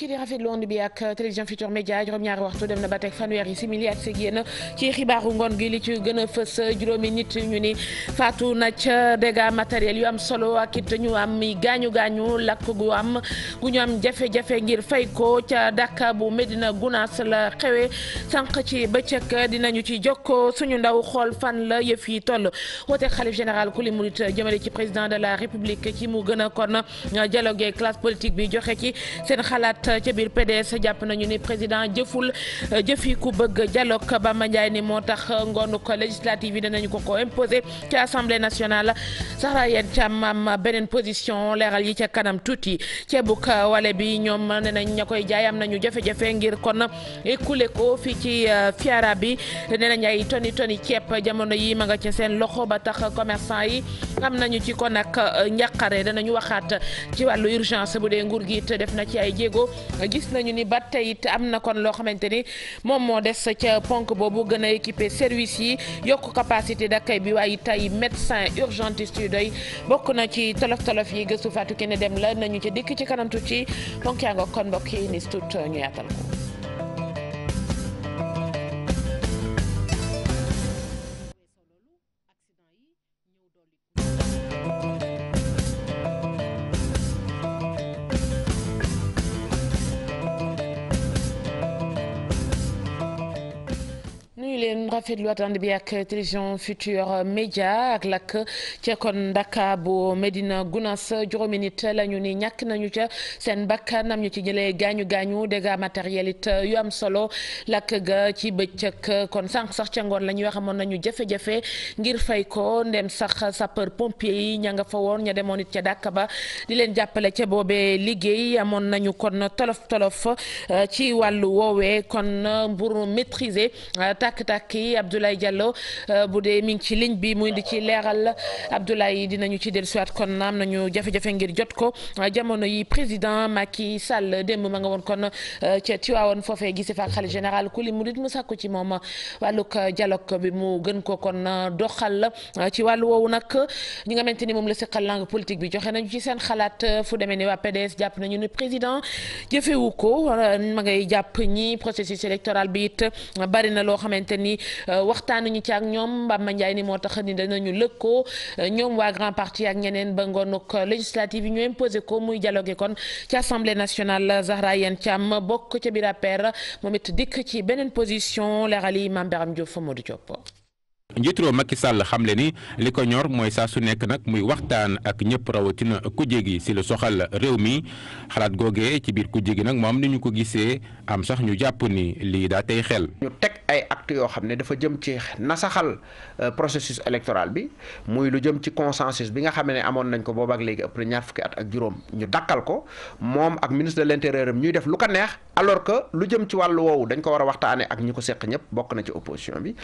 kii di rafetlu woon bi ak uh, télévision Futur Média juróom-ñaari waxtu dem na ba teg fanweeri simili ak si génn ci xibaaru ngoon gi li ci gën a fës uh, juróomi nit ñu ni faatu na ca dégâts matériels yu am solo ak it ñu am gaañu gaañu lakk gu am ku ñu am jafe-jafe ngir fay ko ca Dakar bu Medina Gunas la xewe sànq ci bëccëg uh, dinañu ci jokkoo suñu ndaw xool fan la yëf yi toll woote xalif général ku li murit jëmale ci président de la république ci mu gën a kon dialogue ca biir PDS jàpp nañu ni président jëful jëfi ku bëgg ba ma Ndiaye ni moo tax ngoonu ko législative de danañu ko ko imposé ci assemblée nationale Zahra Iyane Thiam am beneen position leeral yi ca kanam tuuti ceebuk wale bi ñoom nee nañ ña koy jaay am nañu jafe-jafe ngir kon écoulé ko fi ci euh, fiara bi nee nañ ay toni toni ceeb jamono yi ma nga ca seen loxo ba tax commerçant yi am nañu ci kon ak euh, dana ñu waxaat ci wàllu urgence bu dee nguur gi def na ci ay jéego gis nañu ni ba tey it am na kon loo xamante ni moom moo des ca ponk boobu gën a équipé service yi yokk capacité d'accueil bi waaye tey médecin urgentiste yu doy bokk na ci tolof tolof yi gëstu Fatou Kiné Dème la nañu ci dikk ci kanam ci ponk yaa nga kon mbokk yi ni tuut ñu yaatal ko rafetlu attente bi ak télévision Futurs Médias ak lakk ca kon ndaka bu Medina Gounass juróomi nit la ñu ni ñàkk nañu ca seen bakkan nam ñu ci jëlee gaañu gaañu dégâts matériel it yu am solo lakk ga ci bëccëg kon sànq sax ca ngoon la ñuy wax amoon nañu jafe-jafe ngir fay ko ndem sax sapeur pompier yi ña nga fa woon ña demoon it ca dàkk ba di leen jàppale ca boobee liggéey amoon nañu kon tolof tolof eh, ci wàllu woowee kon pour maîtriser eh, tàkk-tàkk yi Abdoulaye Diallo euh, bu dee mi ngi ci ligne bi muy di ci leeral Abdoulaye dinañu ci dellusiwaat kon am nañu jafe-jafe ngir jot ko jamono yi président Macky Sall démb ma nga woon kon euh, ca Tiwaawoon foofee gise fa ak xalifa général ku li murit mu sàkku ci moom wàllug euh, dialogue bi mu gën ko kon doxal ci wàllu woowu nag ñi nga xamante ni moom la seqal langue politique bi joxe nañu ci seen xalaat fu demee ni waa PDS jàpp nañu ni président jëfewu ko ma ngay jàpp ñi processus électoral bi it bari na loo xamante Euh, waxtaanuñu ci ak ñoom ma Ndiaye ni moo tax ni danañu lëkkoo euh, ñoom waa grand parti ak ñeneen ba ngoonuk législative yi ñu imposé ko muy dialogué kon ci assemblée nationale Zahra Iyane ma bokk ca biir APR ma it dikk ci beneen position leeral yi Mame Birame Diouf fa du Diop njiitu réew Macky Sall xamle ni li ko ñor mooy saa su nekk nag muy waxtaan ak ñëpp rawatina kuje gi si lu soxal réew mi xalaat googee ci biir kuje gi nag moom ni ñu ko gisee am sax ñu jàpp ni lii daa tey xel. ñu teg ay actes yoo xam ne dafa jëm ci nasaxal euh, processus électoral bi muy lu jëm ci consensus bi nga xam ne amoon nañ ko booba ak léegi ëpp na ñaar fukki at ak juróom ñu dakkal ko moom ak ministre de l'intérieur ñuy def lu ko neex alors que lu jëm ci wàllu woowu dañ ko war a waxtaanee ak ñi ko seq ñëpp bokk na ci opposition bi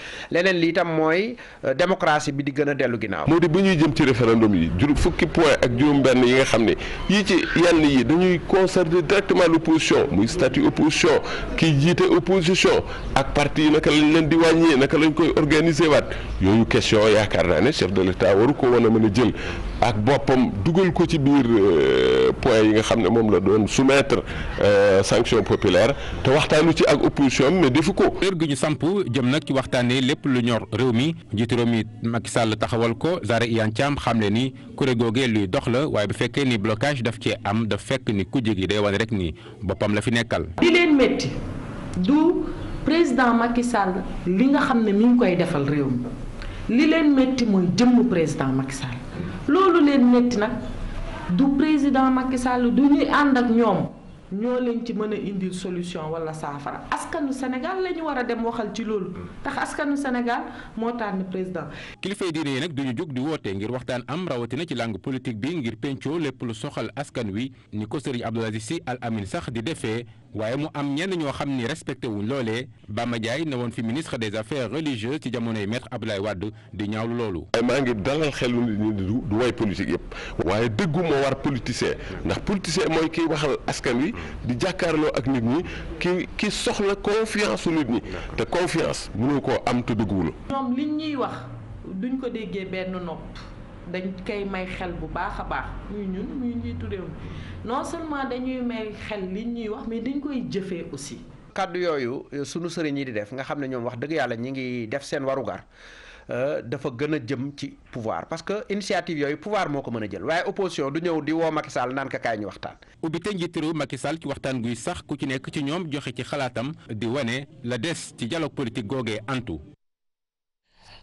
Euh, tey bi di gën a dellu ginnaaw. moo di ba ñuy jëm ci référendum yi juru fukki point ak juróom-benn yi nga xam ne yii ci yenn yi dañuy concerner directement l'opposition muy statut opposition kiy jiite opposition ak parti yi naka lañu leen di wàññee naka lañ koy organiser waat yooyu question yaakaar naa ne chef de l'État waru ko woon a mën a jël. ak boppam dugal ko ci biir euh, point yi nga xam ne moom la doon soumettre euh, sanction populaire te waxtaanu ci ak opposition mais defu ko. heure gi ñu samp jëm nag ci waxtaanee lépp lu ñor réew mi njiitu réew mi Macky Sall taxawal ko Zahra Iyane Thiam xamle ni kuréel googee luy dox la waaye bu fekkee ni blocage daf cee am daf fekk ni ku gi day wane rek nii boppam la fi nekkal. di leen métti du président Macky li nga xam ne mi ngi koy defal réew mi li loolu leen metti nag du président Macky Sall du ñuy ànd ak ñoom ñoo leen ci mën a indil solution wala saafara askanu Sénégal lañu ñu war a dem waxal ci loolu ndax askanu Sénégal moo tànn président. kilifay diine yi nag ñu jóg di woote ngir waxtaan am rawatina ci langue politique bi ngir pencoo lépp lu soxal askan wi ni ko sëriñ Abdoul Aziz Al Amine sax di defee. waaye mu am ñenn ñoo xam ni respecté wuñ loolee ma Ndiaye ne woon fi ministre des affaires religieuses ci jamonoy maître Abdoulaye Wade di ñaawlu loolu. maa ngi dalal xelu nit ñi du way politique yëpp waaye dëggu moo war politicien ndax politicien mooy kiy waxal askan wi di jàkkaarloo ak nit ñi ki ki soxla confiance su nit ñi te confiance mënoo ko am te dëgguwul. ñoom liñ ñuy wax duñ ko déggee benn nopp. dañ kay may xel bu baax a baax muy ñun muy njiitu réew mi non seulement dañuy may xel li ñuy wax mais dañ koy jëfee aussi. kàddu yooyu euh, sunu sëriñ yi di def nga xam ne ñoom wax dëgg yàlla ñi ngi def seen warugar euh, dafa gën a jëm ci pouvoir parce que initiative yooyu pouvoir moo ko mën a jël waaye opposition du ñëw di woo Macky Sall naan ka kaay ñu waxtaan. ubbite njiitu réew Macky Sall ci waxtaan guy sax ku ci nekk ci ñoom joxe ci xalaatam di wane la des ci dialogue politique googee antu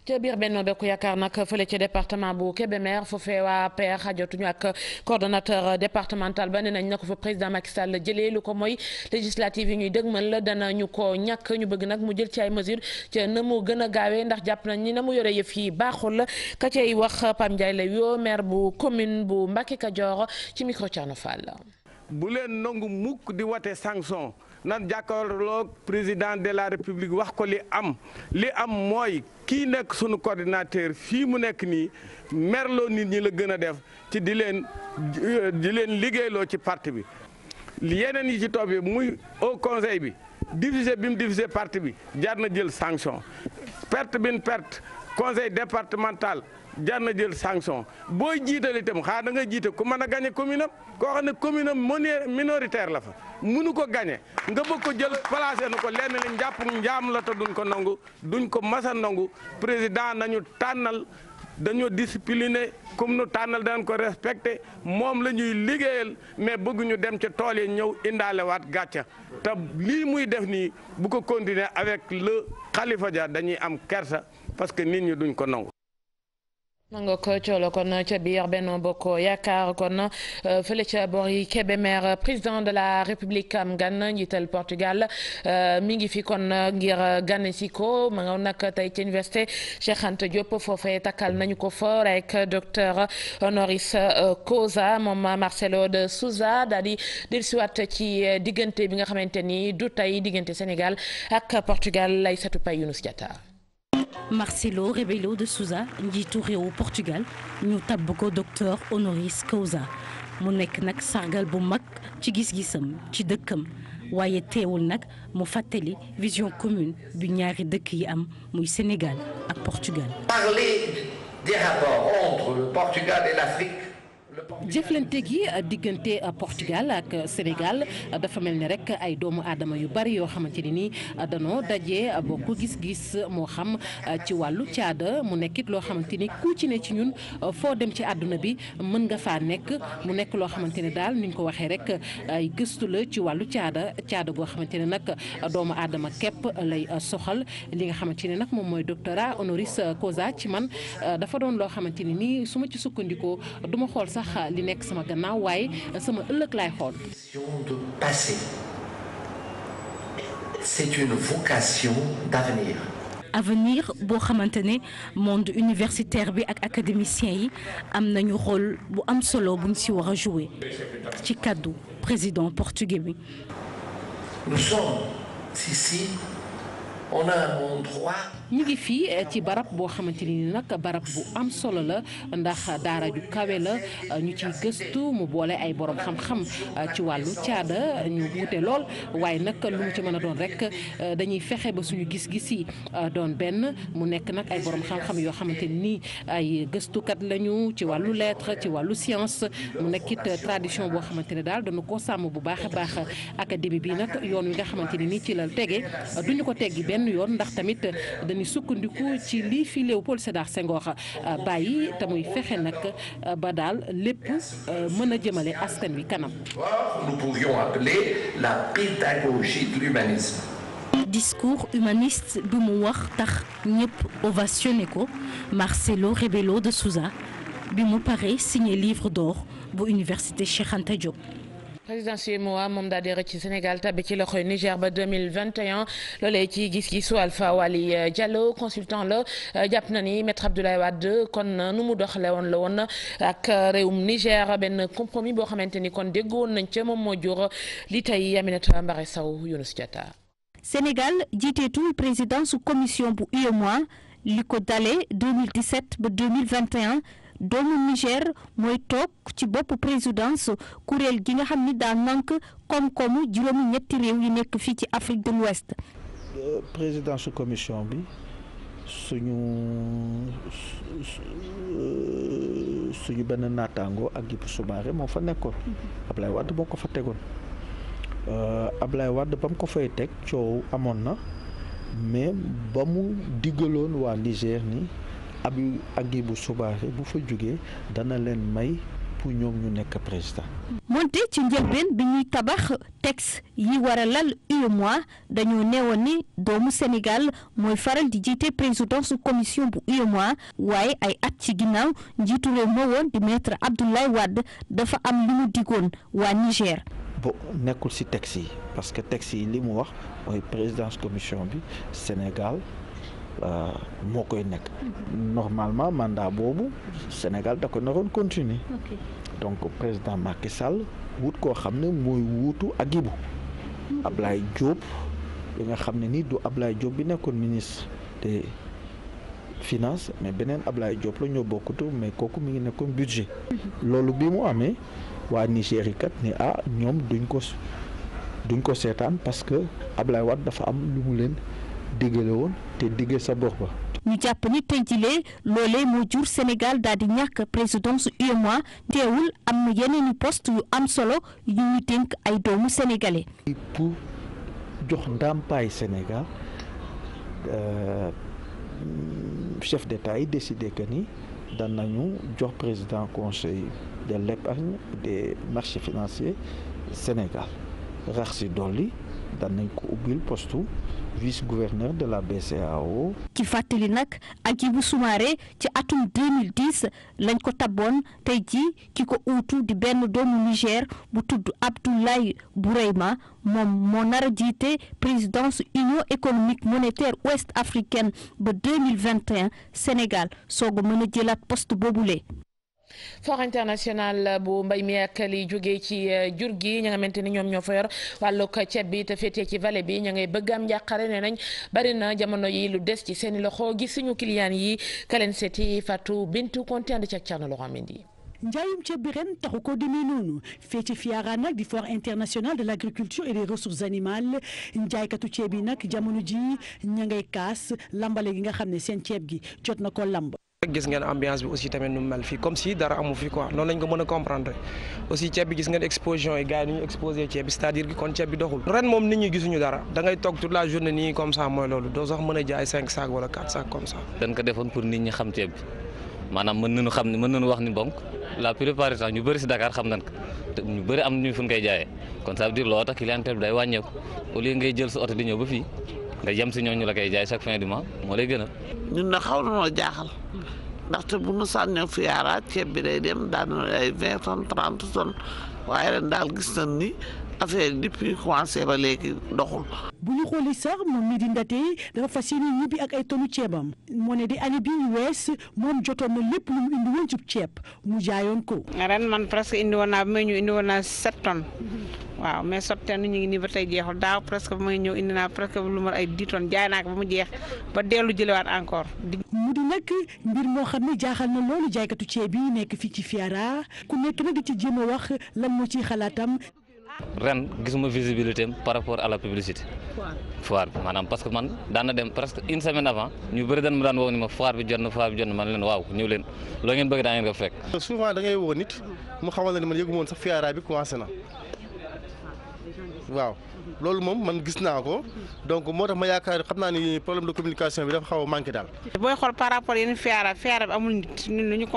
ca biir Benno Bokk Yaakaar nag fële ci département bu Kébémer foofee waa PR xajotuñu ak coordonnateur départemental ba ne nañ na ko fa président Macky Sall jëlee lu ko mooy législative yi ñuy dëgmal la dana ñu ko ñàkk ñu bëgg nag mu jël ci ay mesures ca na mu gën a gaawee ndax jàpp nañ ni na mu yore yëf yi baaxul ka cay wax Pam Ndiaye la yoo maire bu commune bu Mbacké Kadior ci micro Thierno Fall bu leen nangu mukk di wate sanction nan jàkkaarloog président de la république wax ko li am li am mooy kii nekk sunu coordinateur fii mu nekk nii merloo nit ñi la gën a def ci di leen di leen liggéeyloo ci parti bi yeneen yi ci topp muy o conseil bi diviser bi mu diviser parti bi jaar na jël sanction perte bin perte conseil départemental jar na jël sanction booy jiital itam xaa da nga jiite ku mën a gañe commune am koo xam ne commune am minoritaire la fa munu ko gañe nga bëgg ko jël placé nu ko lenn li njàpp njaam la te duñ ko nangu duñ ko masa nangu président nañu tànnal dañoo discipliné comme nu tànnal daan ko respecté moom la ñuy liggéeyal mais bëgguñu dem ca tool yi ñëw indaalewaat gàcca te lii muy def nii bu ko continuer avec le Khalifa Dia dañuy am kersa parce que nit ñi duñ ko nangu nga ko coolo kon ca biir Benno Bokk Yaakaar kon euh, fële ca bor yi Kébémer président de la République am gan njiital Portugal euh, mi ngi fi kon ngir gann si ko ma nga nag tey ci université Cheikh Anta Diop foofee takkal nañu ko fa rek docteur honoris euh, causa moom Marcelo de Souza daal di dellusiwaat ci diggante bi nga xamante ni du tey diggante Sénégal ak Portugal lay satu pay Younous Diatta Marcelo Rebelo de Sousa njiitu réewu Portugal ñu tabb ko docteur honoris causa mu nekk nag sargal bu mag ci gis-gisam ci dëkkam waaye teewul nag mu fàttali vision commune bu ñaari dëkk yi am muy Sénégal ak Portugal. jëflante gi diggante Portugal ak Sénégal dafa mel ni rek ay doomu aadama yu bari yoo xamante ni nii danoo daje boo ko gis-gis moo xam ci wàllu caada mu nekkit loo xamante ni ku ci ne ci ñun foo dem ci àdduna bi mën nga faa nekk mu nekk loo xamante ne daal ni ñu ko waxee rek ay gëstu la ci wàllu caada caada goo xamante ne nag doomu aadama képp lay soxal li nga xamante ne nag moom mooy doctorat honoris causa ci man dafa doon loo xamante nii su ma ci sukkandikoo li nekk sama gannaaw sama ëllëg laay xool. de passé c'est une vocation d'avenir. boo xamante ne monde universitaire bi ak académiciens yi am nañu rôle bu am solo bu ñu ci war a jouer ci kàddu président portugais bi. nous ñu ngi fii eh, ci barab boo xamante ni nag barab bu am solo la ndax daara ju kawe la eh, ñu ciy gëstu mu boole ay boroom xam-xam eh, ci wàllu caada ñu wute lool waaye nag lu mu ci mën a doon rek dañuy fexe ba suñu gis-gis yi doon benn mu nekk nag ay boroom xam-xam yoo xamante ni ay gëstukat lañu ci wàllu lettre ci wàllu science mu nekkit tradition boo xamante ne daal dana ko sàmm bu baax a baax académie bi nag yoon wi nga xamante ni nii ci la tege duñu ko teggi benn ñuy sukkandiku ci lii fi Léopold Sédar Senghor euh, bàyyi te nag euh, ba daal lépp euh, mën a jëmale askan wi kanam. nous pouvions discours humaniste bi mu wax tax ñëpp ovationné ko Marcelo Rebelo de Souza bi mu paree signé livre d'or bu université Cheikh Anta président UEMOA moom daal ci Sénégal tàbbi ci loxoy Niger ba 2021 ci gis-gisu Alpha Wali euh, Diallo consultant la euh, jàpp na ni maître Abdoulaye Wade kon euh, nu mu doxalee woon la woon ak réewum Niger benn compromis boo xamante ni kon déggoon nañ ca moom moo jur li tey Aminata Mbare Sow Younous Diatta Sénégal jiiteetul président su commission bu UEMOA li ko dalee 2017 doomu Niger mooy toog ci bopp présidence kuréel gi nga xam ni daa nànk koom-koomu juróomi ñetti réew yi nekk fii ci Afrique de l'Ouest présidence commission bi suñu suñu benn naataango ak Hadjibou Soumaré moo fa nekkoon Ablaye Wade moo ko fa tegoon euh, Ablaye Wade ba mu ko fay teg coow amoon na mais ba mu diggaloon waa Niger ni ab Hadjibou Soumaré bu fa jógee dana leen may pour ñoom ñu nekk président. moonte ci njëlbeen bi ñuy tabax texte yi war a mois dañoo neewoon ni doomu Sénégal mooy faral di jiite présidence commission bu mois waaye ay at ci ginnaaw njiitu réew moo woon di maître Abdoulaye Wade dafa am lu mu digoon waa Niger. bo nekkul ci texte yi parce que texte yi li mu wax mooy présidence commission bi Sénégal. Euh, moo koy nekk. Mhm. normalement mandat boobu Sénégal da ko naroon continuer. donc président Macky Sall wut koo xam ne mooy wuutu Agibou. Mhm. Ablaye Diop bi nga xam ne nii du Ablaye Diop bi nekkoon ministre des finance mais beneen Ablaye Diop la ñoo bokkutu mais kooku mi ngi nekkoon budget. Mhm. loolu bi mu amee waa Nigérie kat ni ah ñoom duñ ko ko seetaan parce que Ablaye Wade dafa am lu mu leen. digge la woon te digge sa gox ba. ñu jàpp ni tey jilee loolee moo jur Sénégal daal ñàkk présidence UEMOA teewul am na yeneen i poste yu am solo yu ñu dénk ay doomu sénégalais. pour jox ndàmpaay Sénégal euh, chef d'état yi décidé que ni danañu jox président conseil de l'épargne des marchés financiers Sénégal rax si dolli danañ ko ubbil postu vice-gouverneur de la BCEAO. ci fàttali nag ak Hadjibou Soumaré ci atum 2010 lañ ko taboon tey jii ki ko uutu di benn doomu Niger bu tudd Abdoulaye Boureyma moom moo nar a jiite présidence union économique monétaire ouest africaine ba 2021 Sénégal soo ko mën a jëlaat poste boobule. foire internationale bu mbay mi ak li jógee ci euh, jur gi ña nga xamante ni ñoom ñoo fa yor ko ceeb bi te féetee ci vale bi ña ngay bëgg am njàqare nañ bari na jamono yi lu des ci seen i loxo gis suñu client yi kaleen seeti Fatou Bintou Konté ànd ci ak Thierno Laurent Mendy njaayum ceeb bi ren taxu koo demee noonu fee ci di foire internationale de l' agriculture et des ressources animales njaaykatu ceeb yi nag jamono ji ña ngay kaas lambale gi nga xam ne seen ceeb gi jot na ko lamb gis ngeen ambiance bi aussi tamit nu mel fii comme si dara amu fi quoi noonu lañ ko mën comprendre aussi ceeb bi gis ngeen exposition yi gars yi ñu gisuñu dara da ngay toog la journée nii comme ça mooy loolu doo sax mën a jaay cinq sacs wala quatre sacs comme ça. dañ defoon pour nit ñi xam ceeb bi maanaam mën nañu xam ne mën nañu wax ni bonk la plupart ñu bëri si Dakar xam nañ ko ñu bëri am nañu fu ñu koy kon ça veut dire loo tax nga jëm si ñooñu la koy jaay chaque fin du mois moo lay gënal. ñun na xaw nañoo jaaxal ndaxte bu nu sànnee fu yaaraat ceeb bi day dem daan ay vingt tonnes trente tonnes waaye ren daal gis nañ ni. affaire depuis commencé ba léegi doxul. bu ñu xoolee sax moom mii di Ndate dafa fas yéene ñibbi ak ay tonu ceebam moo ne di année bi ñu wees moom jotoon na lépp lu mu indi woon ci ceeb mu jaayoon ko. ren man presque indi woon naa ba may ñëw indi woon naa sept tonnes waaw mais sept tonnes ñu ngi nii ba tey jeexul daaw presque ba may ñëw indi naa presque lu ma ay dix tonnes jaay naa ko ba mu jeex ba dellu jëlewaat encore. mu di nag mbir moo xam ne jaaxal na loolu jaaykatu ceeb yi nekk fii ci Fiara ku nekk nag di ci jéem a wax lan moo ciy xalaatam. ren gisuma visibilité am par rapport à la publicité. foire bi maanaam parce que man daan dem presque une semaine avant ñu bëri dañ ma daan woo ni ma foire bi jot na foire bi jot na man leen waaw ñëw leen loo ngeen bëgg daa ngeen fekk. souvent da ngay nit mu xamal ne man ma woon sax fiara bi commencé na. waaw loolu moom man gis naa ko donc moo tax ma yaakaar xam naa ni problème de communication bi dafa xaw a manqué daal. booy xool par rapport yeneen fiara fiara bi amul nit ñun lu ñu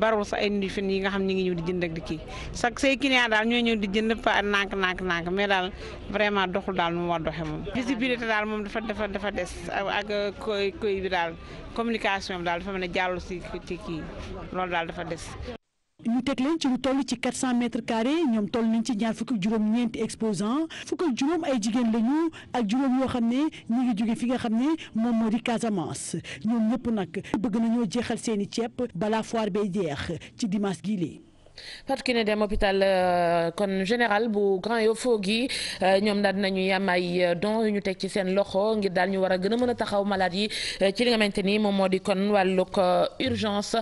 barul sa ay nit yi nga xam ñu ngi ñëw di jënd di kii sax say client daal ñooy ñëw di jënd pa nànk nànk nànk mais daal vraiment doxul daal nu mu war doxee moom. visibilité daal moom dafa dafa dafa des ak koy koy bi daal communication bi daal dafa mën a jàll si ci kii loolu daal dafa des. ñu teg leen ci lu toll ci 400 mètres carrés ñoom toll nañ ci ñaar fukki juróom-ñeenti exposant fukk ak juróom ay jigéen lañu ak juróom yoo xam ne ñu ngi jóge fi nga xam ne moom moo di Casamance ñoom ñëpp nag bëgg nañoo jeexal seeni ceeb balaa foire bay jeex ci dimanche gii Fatou Kiné Deme hôpital euh, kon général bu Grand Yoff gi euh, ñoom daal nañu yam ay euh, don yu ñu teg ci seen loxo ngir daal ñu war a gën a mën a taxaw malade yi ci li nga xamante ni moom moo di kon wàllug urgence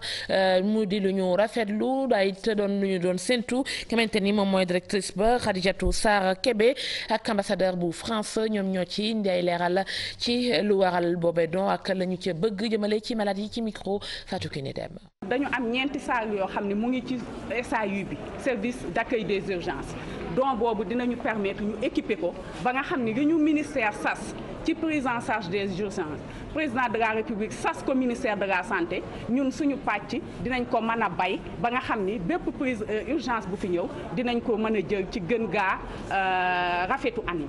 mu di lu ñu rafetlu daay it doon lu ñu doon séntu ki xamante ni moom mooy directrice ba Khadijatou Sarr kebe ak ambassadeur bu France ñoom ñoo ci nday leeral ci lu waral boobee don ak la ñu ca bëgg jëmale ci malade ci micro Fatou Kiné Deme dañu am ñeenti salle yoo xam ne mu ngi ci SAU bi service d'accueil des urgences donc boobu dinañu permettre ñu équiper ko ba nga xam ni li ñu ministère sas ci prise en charge des urgences président de la république sas ko ministère de la santé ñun suñu pàcc dinañ ko mën a bay ba nga xam ni bépp prise euh, urgence bu fi ñëw dinañ ko mën a jël ci gën gaa euh, rafetu anim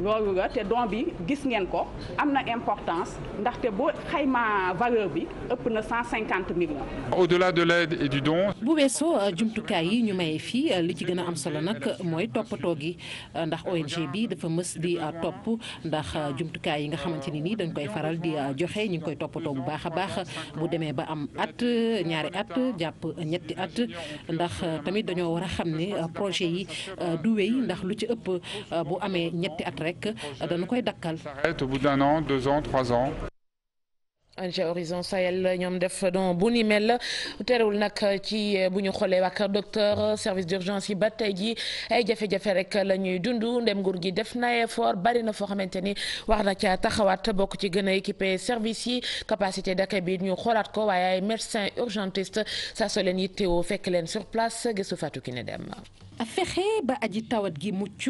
loolu la te don bi gis ngeen ko am na importance ndaxte boo xayma valeur bi ëpp na cent cinquante millions. au-delà de l'aide et du don. bu weesoo jumtukaay yi ñu maye fii li ci gën a am solo nag mooy toppatoo gi ndax ONG bi dafa mës di topp ndax jumtukaay yi nga xamante ni nii dañ koy faral di joxe ñu ngi koy toppatoo bu baax a baax bu demee ba am at ñaari at jàpp ñetti at ndax tamit dañoo war a xam ne projet yi du wéy ndax lu ci ëpp bu amee ñetti at rek. rek dañu koy dakkal. s'arrête au bout d'un an deux ans trois ans. ANCAR Horizon Sahel ñoom def don bu ni mel terewul nag ci eh, bu ñu xoolee waa docteur ah. service d'urgence yi ba tey jii ay jafe-jafe rek la ñuy dund ndem nguur gi def na effort bari na foo xamante ni wax na ca taxawaat bokk ci gën a équipé service yi capacité d'accueil bi ñu xoolaat ko waaye ay médecin urgentiste saa soo leen yittewoo fekk leen sur place gisu Fatou Kiné Deme. fexe ba aji tawat gi mucc.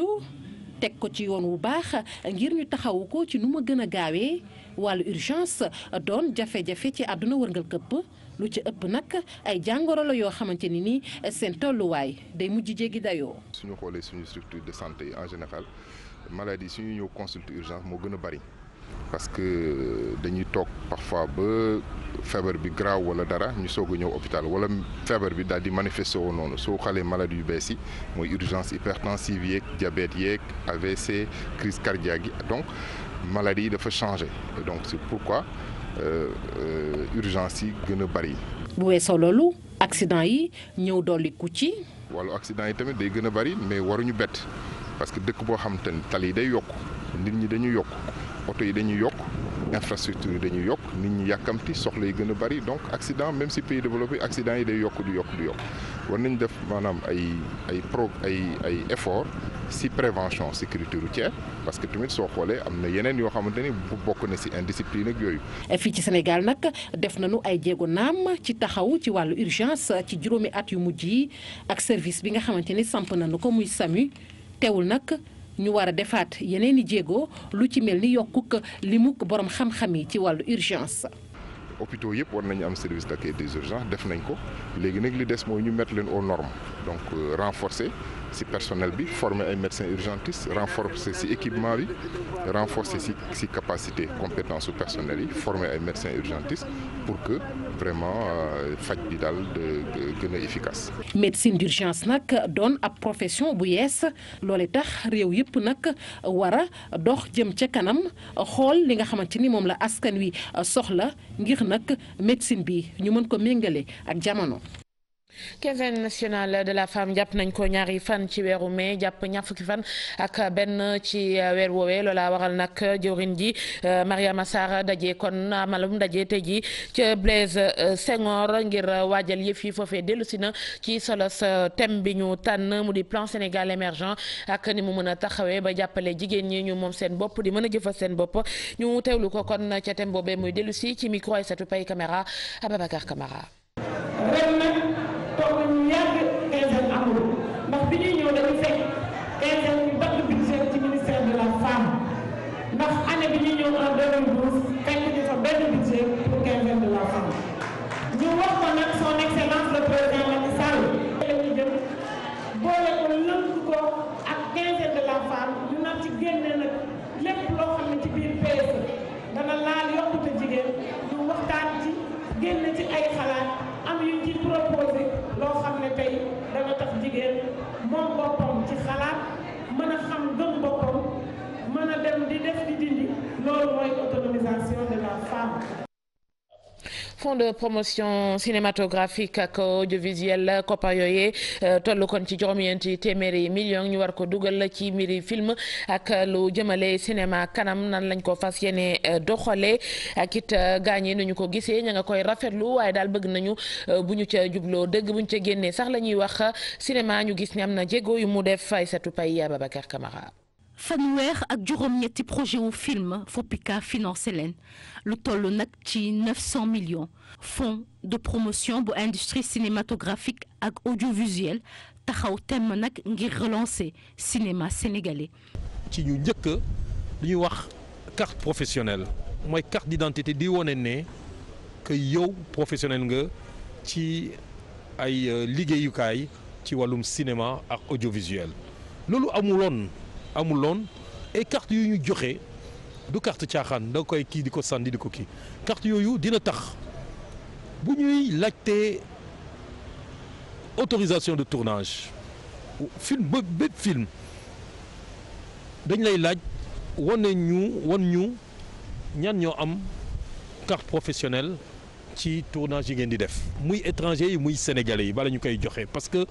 teg ko ci yoon wu baax ngir ñu taxawu ko ci nu ma gën a gaawee wàllu urgence doon jafe-jafe ci àdduna wërngal këpp lu ci ëpp nag ay jàngoro la yoo xamante ni nii seen tolluwaay day mujj jéggi dayoo. suñu xoolee suñu structure de santé en général maladie suñu ñëw consulte urgence moo gën a bari. parce que dañuy toog parfois ba feebar bi graaw wala dara ñu soog a ñëw hôpital wala feebar bi daal di manifesté woo noonu soo xalee maladie yu bees yi mooy urgence hypertensive yeeg diabète yeeg AVC crise cardiaque yi donc maladie yi dafa changé et donc c'est pourquoi euh, euh, urgence yi gën a bari. bu weesoo loolu accident yi ñëw dolliku ci. wala accident yi tamit day gën a bari mais waruñu bett parce que dëkk boo xam te ne tali yi day yokk nit ñi dañu yokk. oto yi dañuy yokk infrastructure yi dañuy yokk nit ñi yàkkamti soxla yi gën a bari donc accident même si pays développé accident yi day yokk du yokk du yokk war nañ def maanaam ay ay pro ay ay effort si prévention sécurité routière parce que tamit soo xoolee am na yeneen yoo xamante ni bu bokk na si indiscipline ak yooyu. fii ci Sénégal nag def nañu ay jéego naam ci taxaw ci wàllu urgence ci juróomi at yu mujj yi ak service bi nga xamante ni samp nañu ko muy SAMU teewul nag. ñu war a defaat yeneen i jéego lu ci mel ni li mukk borom xam-xam yi ci wàllu urgence. hôpitaux yëpp war nañu am service d'accueil des urgences def nañ ko léegi nag li des mooy ñu mettre leen aux norme donc euh, renforcer. ci personnel bi forme ay médecins urgentistes renforcer si équipement bi renforcer si capacité compétence su personnel yi former ay médecins urgentistes pour que vraiment euh, faj bi daal de gën a efficace. médecine d'urgence nag doon ab profession bu yees lool tax réew yëpp nag war a dox jëm ca kanam xool li nga xamante ni moom la askan wi soxla ngir nag médecine bi ñu mën ko méngale ak jamono. quinzaine nationale de la femme jàpp nañ ko ñaari fan ci weeru mais jàpp ñaar fukki fan ak benn ci euh, weer woowee loola waral nag jëwrin ji euh, Mariama Sarr daje kon amalum daje te ji ca Blaise euh, Senghor ngir waajal yëf yi foofee dellusi na ci solos tem bi ñu tànn mu di plan Sénégal émergent ak ni mu mën a taxawee ba jàppale jigéen ñi ñu moom seen bopp di mën a jëfal seen bopp ñu teewlu ko kon ca thème boobee muy dellusi ci micro Aïssatou Paye Camara Ababacar Camara moom boppam ci xalaat mën a xam gëm boppam mën a dem di def di dindi loolu mooy autonomisation de la femme fonds de promotion cinématographique ak audiovisuel koppar yooyee euh, toll kon ci juróom-ñeenti téeméeri millions ñu war ko dugal ci yi film ak lu jëmale cinéma kanam nan lañ ko fas yéene euh, doxale ak it euh, gaañee nu ñu ko gisee ña nga koy rafetlu waaye daal bëgg nañu bu ñu ca jubloo dëgg bu ñu ca génnee sax la ñuy wax cinéma ñu gis ne am na jéego yu mu def Aïssatou Paye Babacar Camara fanweer ak juróom-ñetti projet wu film FOPICA financé leen lu toll nag ci 900 millions fonds de promotion bu industrie cinématographique ak audiovisuel taxaw temm nag ngir relancer cinéma sénégalais. ci ñu njëkk lu wax carte professionnelle mooy carte d'identité di wone ne que yow professionnel nga ci ay euh, liggéeyukaay ci wàllum cinéma ak audiovisuel loolu amuloon. amuloon et carte yu ñu joxe du carte caaxaan da koy kii di ko sànni di ko kii carte yooyu dina tax bu ñuy laajtee autorisation de tournage film ba bépp film dañ lay laaj wane ñu wan ñu ñan ñoo am carte professionnel ci tournage yi ngeen di def muy étranger yi muy sénégalais yi bala ñu koy joxe parce que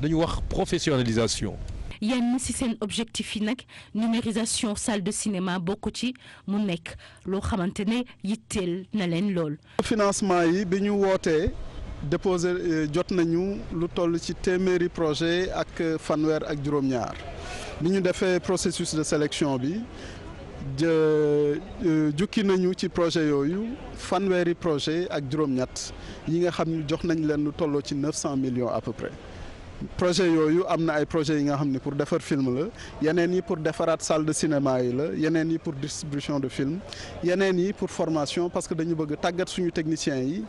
dañu wax professionnalisation yenn ci seen objectif yi nag numérisation salle de cinéma bokk ci mu nekk loo xamante ne yitteel na leen lool. financement yi bi ñu wootee déposé euh, jot nañu lu toll ci téeméeri projet ak euh, fanweer ak juróom-ñaar bi ñu defee processus de sélection bi. Euh, jukki nañu ci projet yooyu fanweeri projet ak juróom-ñett yi nga xam ni jox nañ leen lu tolloo ci neuf cent millions à peu près projet yooyu am na ay projet yi nga xam ne pour defar film la yeneen yi pour defaraat salle de cinéma yi la yeneen yi pour distribution de film yeneen yi pour formation parce que dañu bëgg tàggat suñu techniciens yi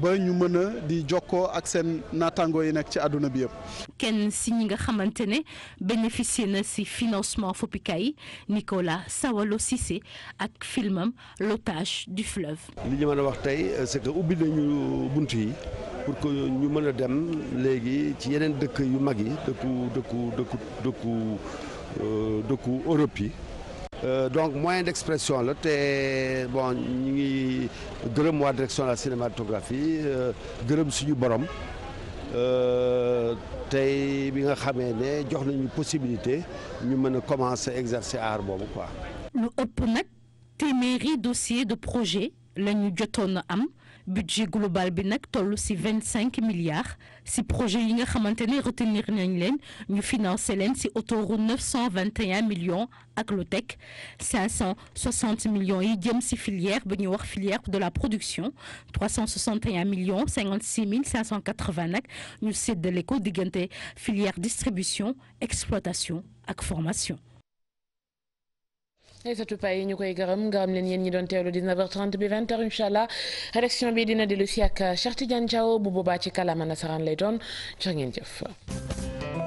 ba ñu mën a di jokkoo ak seen naataangoo yi nekk ci àdduna bi yëpp. kenn si ñi nga xamante ne bénéficier na si financement FOPICA yi Nicolas Sawalo Cissé ak filmam l'otage du fleuve. li ñu mën a wax tey euh, c'est que ubbi nañu bunt yi pour que ñu mën a dem léegi ci yeneen dëkk yu mag yi dëkku dëkku dëkku dëkku euh, dëkku Europe yi. Euh, donc moyen d'expression la te bon ñu ngi gërëm waa direction de la cinématographie euh, gërëm suñu borom tey bi nga xamee ne jox nañu possibilité ñu mën a commencer exercer art boobu quoi. lu ëpp nag téeméeri dossier de projet la jotoon am. budget global bi nag toll ci vingt cinq milliards si projet yi nga xamante ne retenir nañ leen ñu financé leen ci autoroute neuf cent vingt et un millions ak lu tek cinq cent soixante millions yi jëm ci filière ba ñuy wax filière de la production trois cent soixante et un millions cinquante six mille cinq cent quatre vingt nag ñu séddale ko diggante filière distribution exploitation ak formation. Aïssatou Paye ñu koy gërëm gërëm leen yéen ñi doon teewlu 19h30 bi 20h incha allah rédaction bi dina dellu si ak Cheikh Tidiane bu boobaa ci kàllaama nasaraan lay doon jox jëf.